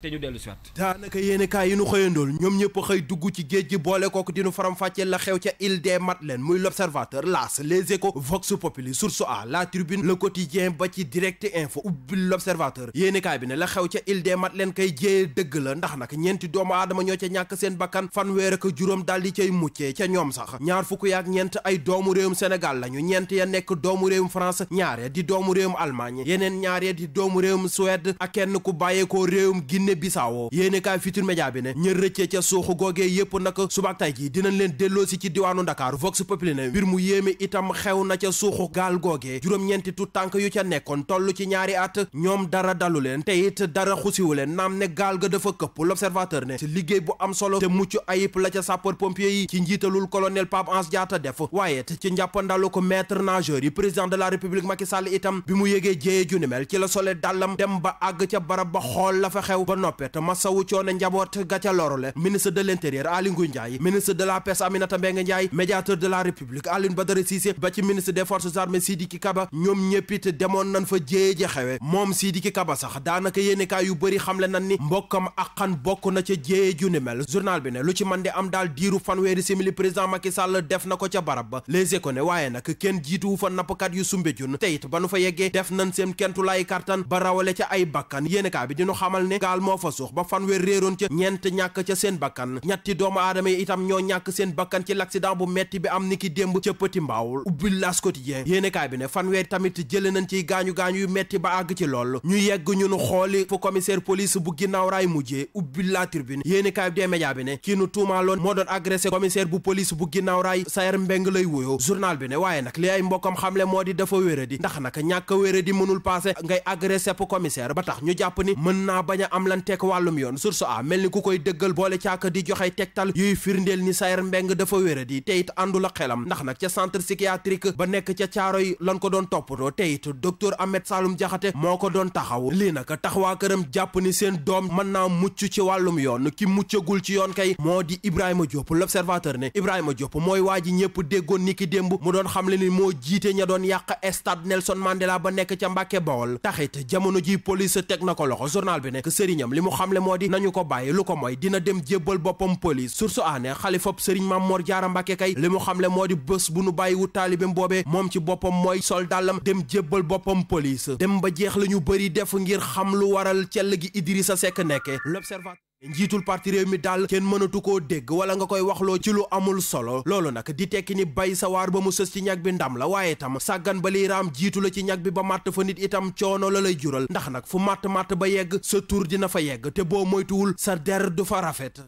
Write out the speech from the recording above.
te ñu dellu si waat daanaka yéeni kaay yi nu xëyandool ñoom ñëpp xëy dugg ci géej gi boole kook dinu faram-fàccee la xew ca île des Madeleines muy l'Observateur L'As Les Échos Vox Populi Source A La Tribune Le Quotidien ba ci Direct Info ubbi l'Observateur yéeni kaay bi ne la xew ca île des Madeleines kay jéyee dëgg la ndax nag ñeenti doomu aadama ñoo ca ñàkk seen bakkan fanweer ak juróom daal di cay muccee ca ñoom sax ñaar fukk yaak ñeent ay doomu réewum Sénégal lañu ñeent ya nekk doomu réewum France ñaar ya di doomu réewum Allemagne yeneen ñaar di doomu réewum Suède ak kenn ku bàyyeekoo réewum Guinée Guinée Bissau yéene kaay futur média bi ne ña rëccee ca suuxu googee yépp nag subak tay ji leen delloosi ci diwaanu Dakar Vox Populi ne mbir mu yéeme itam xew na ca suuxu gaal googee juróom-ñeenti tu tànk yu ca nekkoon toll ci ñaari at ñoom dara dalu leen te it dara xusiwu leen naam ne gaal ga dafa këpp l'observateur ne si liggéey bu am solo te mucc ayib la ca sapeur pompier yi ci njiitalul colonel Pape Anse Diatta def waaye ci njàppandalu ko maître nageur yi président de la république Macky Sall itam bi la sole dàllam dem ba àgg ca barab noppee te masawu coono njaboot ga ca lorule ministre de l'intérieur Aly Ngouille Ndiaye ministre de la pêche a Mbengue Ndiaye médiateur de la république Alioune Badara Cissé ba ci ministre des forces armées Sidiki Kaba ñoom ñëpp it demoon nañ fa jéye ja xewe moom Sidiki Kaba sax daanaka yéenekaay yu bëri xamle nan ni mbokkam aqan bokk na ca jéye ju mel journal bi ne lu ci man di am daal diiru fanweeri simili président Macky Sall def moo fa suux ba fanweer réeroon ca ñeent ñàkk ca seen bakkan ñetti doomu aadama yi itam ñoo ñàkk seen bakkan ci l'accident bu metti bi am ni démb ca Petit Mbao ubbi L'As Quotidien yéenekaay bi ne fanweer tamit jële nañ ciy gaañu-gaañu yu metti ba àgg ci lool ñu yegg ñun xooli fu commissaire police bu ginnaaw raay mujjee ubbi La Tribune yéenekaay bi dee média bi ne kii tuumaaloon moo doon agressé commissaire bu police bu ginnaaw raay Sayer Mbeng lay a jaayanteek wàllum yoon source a mel ni ku koy dëggal boole caaka di joxe tegtal yuy firndeel ni Sayer Mbeng dafa wéradi te it àndul a xelam ndax nag ca centre psychiatrique ba nekk ca caaro yi lan ko doon toppatoo te it docteur Ahmed Saloum Diakhaté moo ko doon taxaw li nag tax waa këram jàpp ni seen doom mën naa mucc ci wàllum yoon ki muccagul ci yoon kay moo di Ibrahima Diop l'observateur ne Ibrahima Diop mooy waa ji ñëpp déggoon ni ki démb mu doon xamle ni moo jiite ña doon yàq stade Nelson Mandela ba nekk ca Mbàkke Bawol taxit jamono ji police teg na ko loxo journal bi nekk li mu xamle moo di nañu ko bàyyi lu ko mooy dina dem jébbal boppam police source aané xalifa sëriñ Maam Mor Jaara Mbàkke kay li mu xamle moo di bés bu nu bàyyiwu taalibeem boobee moom ci boppam mooy sol dàllam dem jébbal boppam police dem ba jeex la ñu bëri def ngir xam lu waral cell gi sa Seck nekke l'observateur njiitul parti réew mi daal kenn mënatu koo dégg wala nga koy waxloo ci lu amul solo loolu nag di tekki ni bay sa ba mu sës ci ñag bi ndam la waaye itam sàggan ba liy raam jiitu la ci ñag bi ba màtt fa nit itam coono la lay jural ndax nag fu màtt màtt ba yegg sa tur dina fa yegg te boo moytuwul sa der du fa rafet